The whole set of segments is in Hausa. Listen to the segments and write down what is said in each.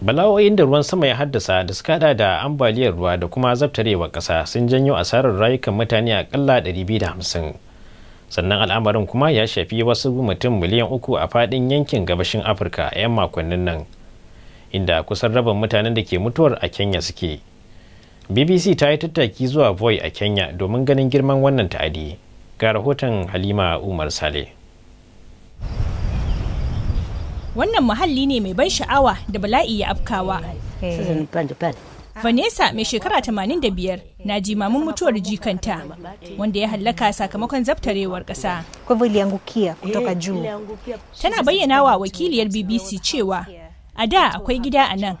bala'o'in da ruwan sama ya haddasa da suka hada da ambaliyar ruwa da kuma zabtarewa ƙasa sun janyo asarar rayukan mutane akalla 250 sannan al'amarin kuma ya shafi wasu mutum miliyan uku a faɗin yankin gabashin afirka a 'yan makonnin nan inda kusan rabin mutanen da ke mutuwar a kenya suke bbc ta yi tattaki zuwa voi a kenya domin ganin girman wannan ta'adi ga rahoton halima umar saleh wannan muhalli ne mai ban sha'awa da bala'i ya afkawa Vanessa mai shekara 85 na jimamin mutuwar jikanta wanda ya hallaka sakamakon zabtarewar ƙasa. Tana bayyana wa wakiliyar BBC cewa a da akwai gida a nan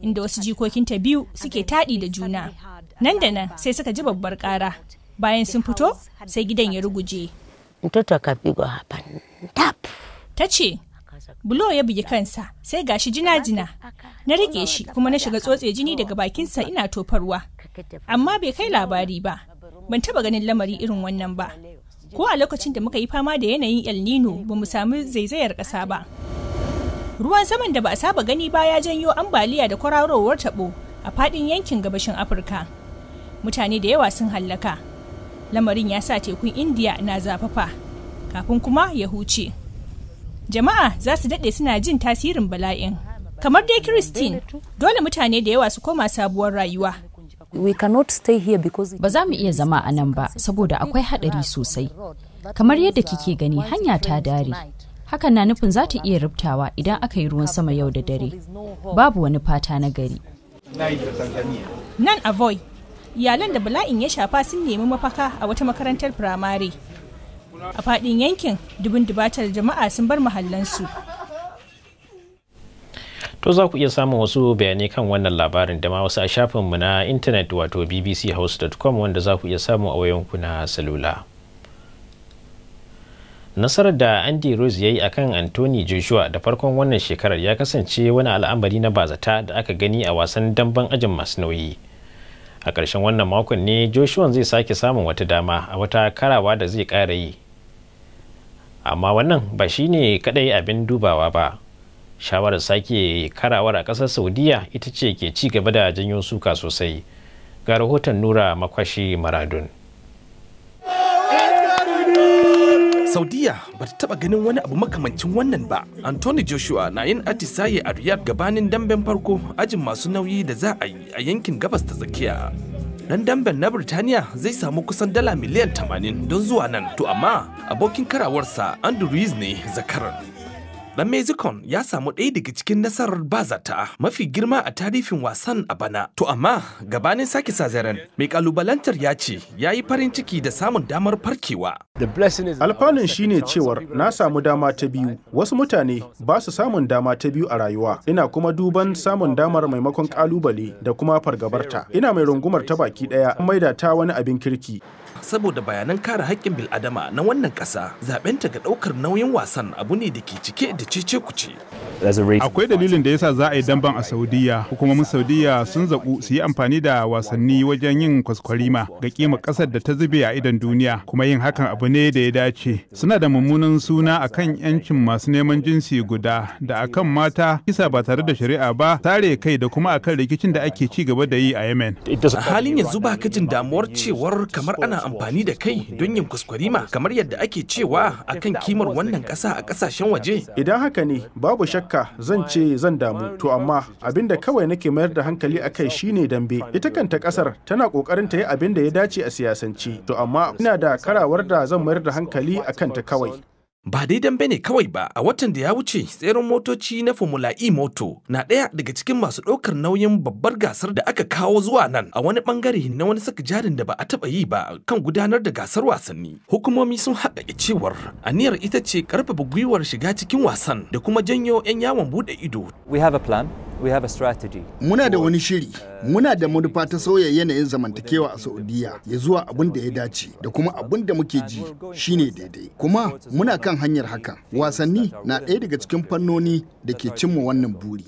inda wasu jikokinta biyu suke taɗi da juna. Nan da nan sai suka ji babbar ƙara. Bayan sun fito sai gidan ya ruguje. Ta ce Bulo ya bugi kansa sai gashi jina-jina. Na rike shi kuma na shiga tsotse jini daga bakinsa ina tofarwa. Amma bai kai labari ba. Ban taba ganin lamari irin wannan ba. Ko a lokacin da muka yi fama da yanayin El Nino ba mu samu zaizayar ƙasa ba. Ruwan saman da ba a saba gani ba ya janyo ambaliya da kwararowar taɓo a faɗin yankin gabashin Afirka. Mutane da yawa sun hallaka. Lamarin ya sa tekun Indiya na zafafa kafin kuma ya huce. jama'a za su daɗe suna jin tasirin bala'in kamar dai christine dole mutane da yawa su koma sabuwar rayuwa ba za mu iya zama a nan ba saboda akwai haɗari sosai kamar yadda kike gani hanya ta dare hakan na nufin za ta iya rubtawa idan aka yi ruwan sama yau da dare babu wani fata na gari nan avoy iyalan da bala'in ya shafa sun nemi mafaka a wata makarantar firamare a faɗin yankin dubin dubatar jama'a sun bar mahallansu to za ku iya samun wasu bayanai kan wannan labarin da ma wasu a shafinmu na intanet wato bbchouse.com wanda za ku iya samu a wayanku na salula nasarar da andy rose ya yi akan anthony joshua da farkon wannan shekarar ya kasance wani al'amari na bazata da aka gani a wasan damben ajin masu nauyi a ƙarshen wannan makon ne joshua zai sake samun wata dama a wata karawa da zai ƙara yi amma wannan ba shi ne kadai abin dubawa ba shawarar sake karawar a ƙasar saudiya ita ce ke ci gaba da janyo suka sosai ga rahoton nura makwashi maradun saudiya ba ta taba ganin wani abu makamancin wannan ba anthony joshua na yin atisaye a riyadh gabanin damben farko ajin masu nauyi da za a yi a yankin gabas ta tsakiya dan damben na Birtaniya zai samu kusan dala miliyan 80 don zuwa nan to amma abokin karawarsa Andrew ne zakarar. Ɗan Mezikon ya samu ɗaya daga cikin nasarar bazata mafi girma a tarihin wasan a bana. To amma gabanin sake sazaren mai kalubalantar ya ce ya yi farin ciki da samun damar farkewa. Alfanun shine cewar na samu dama ta biyu. Wasu mutane ba su samun dama ta biyu a rayuwa. Ina kuma duban samun damar maimakon kalubale da kuma fargabarta. Ina mai rungumar ta baki ɗaya maida ta wani abin kirki. saboda bayanan kare haƙƙin bil'adama na wannan ƙasa zaɓenta ga ɗaukar nauyin wasan abu ne da ke cike da cece kuce. Akwai dalilin da yasa za a yi damban a Saudiya, hukumomin Saudiya sun zaɓu su yi amfani da wasanni wajen yin kwaskwarima ga kima ƙasar da ta zube a idon duniya, kuma yin hakan abu ne da ya dace. Suna da mummunan suna a kan 'yancin masu neman jinsi guda da a kan mata kisa ba tare da shari'a ba, tare kai da kuma akan rikicin da ake ci gaba da yi a Yemen. A halin yanzu ba ka jin damuwar cewar kamar ana amfani amfani da kai don yin kuskurima kamar yadda ake cewa a kan kimar wannan ƙasa a ƙasashen waje? Idan haka ne babu shakka zan ce zan damu to amma abin da kawai nake mayar da hankali a kai shine dambe ita kanta ƙasar tana ƙoƙarin ta yi abin da ya dace a siyasance to amma ina da karawar da zan mayar da hankali a kanta kawai. Ba dai dambe ne kawai ba a watan da ya wuce tseren motoci na Formula E Moto na ɗaya daga cikin masu ɗaukar nauyin babbar gasar da aka kawo zuwa nan a wani bangare na wani saka jarin da ba a taɓa yi ba kan gudanar da gasar wasanni. Hukumomi sun haɗa cewar aniyar ita ce ƙarfafa gwiwar shiga cikin wasan da kuma janyo 'yan yawon buɗe ido. We have a plan. Muna da wani shiri, uh, muna da manufa ta sauya yanayin zamantakewa a Saudiya ya zuwa abin da ya dace da kuma abin da muke ji shine daidai. Kuma muna kan hanyar hakan. Wasanni na ɗaya daga cikin fannoni da ke cimma wannan buri.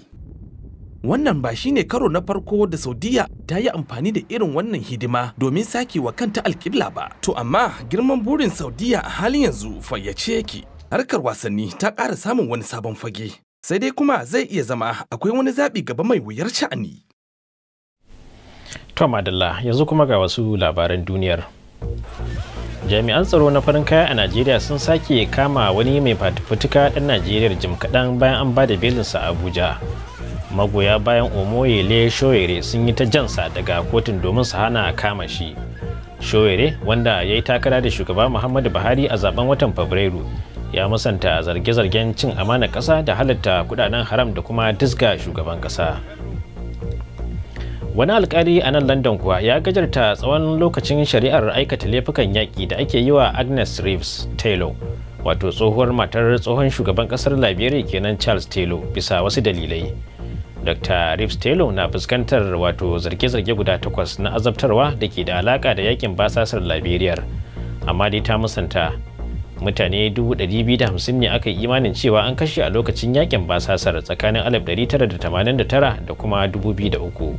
Wannan ba shi ne karo na farko da Saudiya ta yi amfani da irin wannan hidima domin sake wa kanta alƙibla ba. To amma girman burin Saudiya a halin yanzu fayyace yake. Harkar wasanni ta ƙara samun wani sabon fage. sai dai kuma zai iya zama akwai wani zaɓi gaba mai wuyar sha'ani. Tom Adalla yanzu kuma ga wasu labaran duniyar. Jami'an tsaro na farin kaya a Najeriya sun sake kama wani mai fatifutuka ɗan Najeriya jim kaɗan bayan an ba da belinsa a Abuja. Magoya bayan Omoyele Shoyere sun yi ta jansa daga kotun domin su hana kama shi. Shoyere wanda ya yi takara da shugaba Muhammadu Buhari a zaben watan Fabrairu ya musanta zarge-zargen cin amana kasa da halatta kudaden haram da kuma disga shugaban kasa. wani alkali a nan london kuwa ya gajarta tsawon lokacin shari'ar aikata laifukan yaƙi da ake yi wa agnes reeves taylor wato tsohuwar matar tsohon shugaban kasar liberia kenan charles taylor bisa wasu dalilai dr reeves taylor na fuskantar wato zarge-zarge guda takwas na azabtarwa da ke da alaƙa da yakin basasar liberia amma dai ta musanta mutane 250,000 ne aka yi imanin cewa an kashe a lokacin yakin basasar tsakanin 1989 da kuma 2003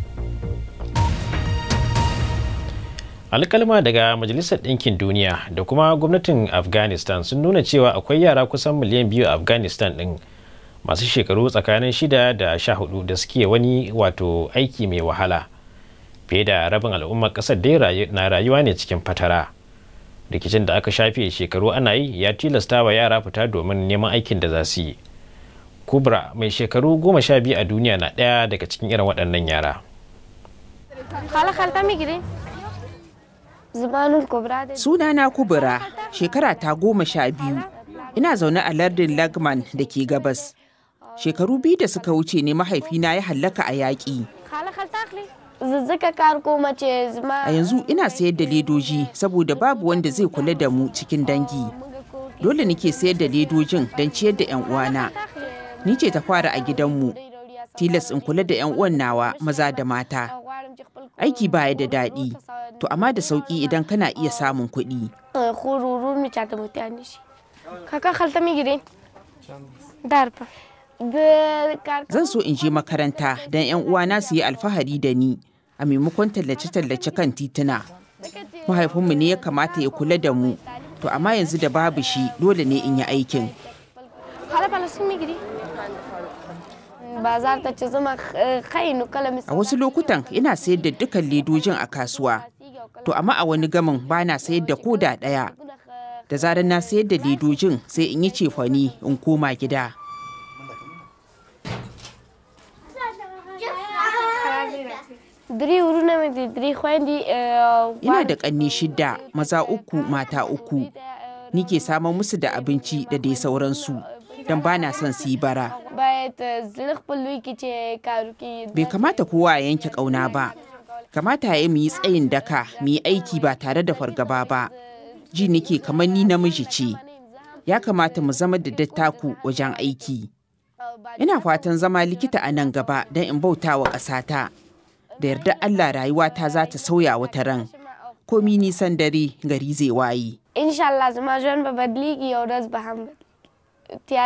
alkalma daga majalisar ɗinkin duniya da kuma gwamnatin afghanistan sun nuna cewa akwai yara kusan miliyan biyu a afghanistan ɗin masu shekaru tsakanin shida da sha hudu da suke wani wato aiki mai wahala fiye da rabin al'ummar ƙasar dai na rayuwa ne cikin fatara. rikicin da aka shafe shekaru ana yi ya tilasta wa yara fita domin neman aikin da za su yi kubra mai shekaru goma sha biyu a duniya na ɗaya daga cikin irin waɗannan yara sunana kubra shekara ta goma sha biyu ina zaune a lardin lagman da ke gabas shekaru biyu da suka wuce ne mahaifina ya hallaka a yaƙi Zuzzuka kar kuma mace zuma. A yanzu ina sayar da ledoji saboda babu wanda zai kula da mu cikin dangi. Dole nake sayar da ledojin don ciyar da 'yan uwana. Ni ce ta fara a gidanmu. Tilas in kula da 'yan uwan nawa maza da mata. Aiki baya da daɗi, to amma da sauƙi idan kana iya samun kuɗi. Eh, Zan so in je makaranta don 'yan uwana su yi alfahari da ni. a maimakon tallace-tallace kan tituna mahaifinmu ne ya kamata ya kula da mu to amma yanzu da babu shi dole ne in yi aikin eh, a wasu lokutan ina sayar da dukkan ledojin a kasuwa to amma a wani gamin ba na sayar da koda ɗaya da zarar na sayar da ledojin sai in yi cefani in koma gida Eh, Ina da ƙanni shidda maza uku mata uku. Ni ke samar musu da abinci da dai sauransu don ba na son su yi bara. Eh, bai kamata kowa ya yanke ƙauna ba. Kamata ya mu yi tsayin daka mu yi aiki ba tare da fargaba ba. Ji nike kamar ni namiji ce. Ya kamata mu zama da dattaku wajen aiki. Ina fatan zama likita a nan gaba don in bauta wa ƙasata. da yarda Allah rayuwata za ta sauya wata ran. Komi nisan dare gari zai wayi. Insha Allah zama jon ba badligi yau da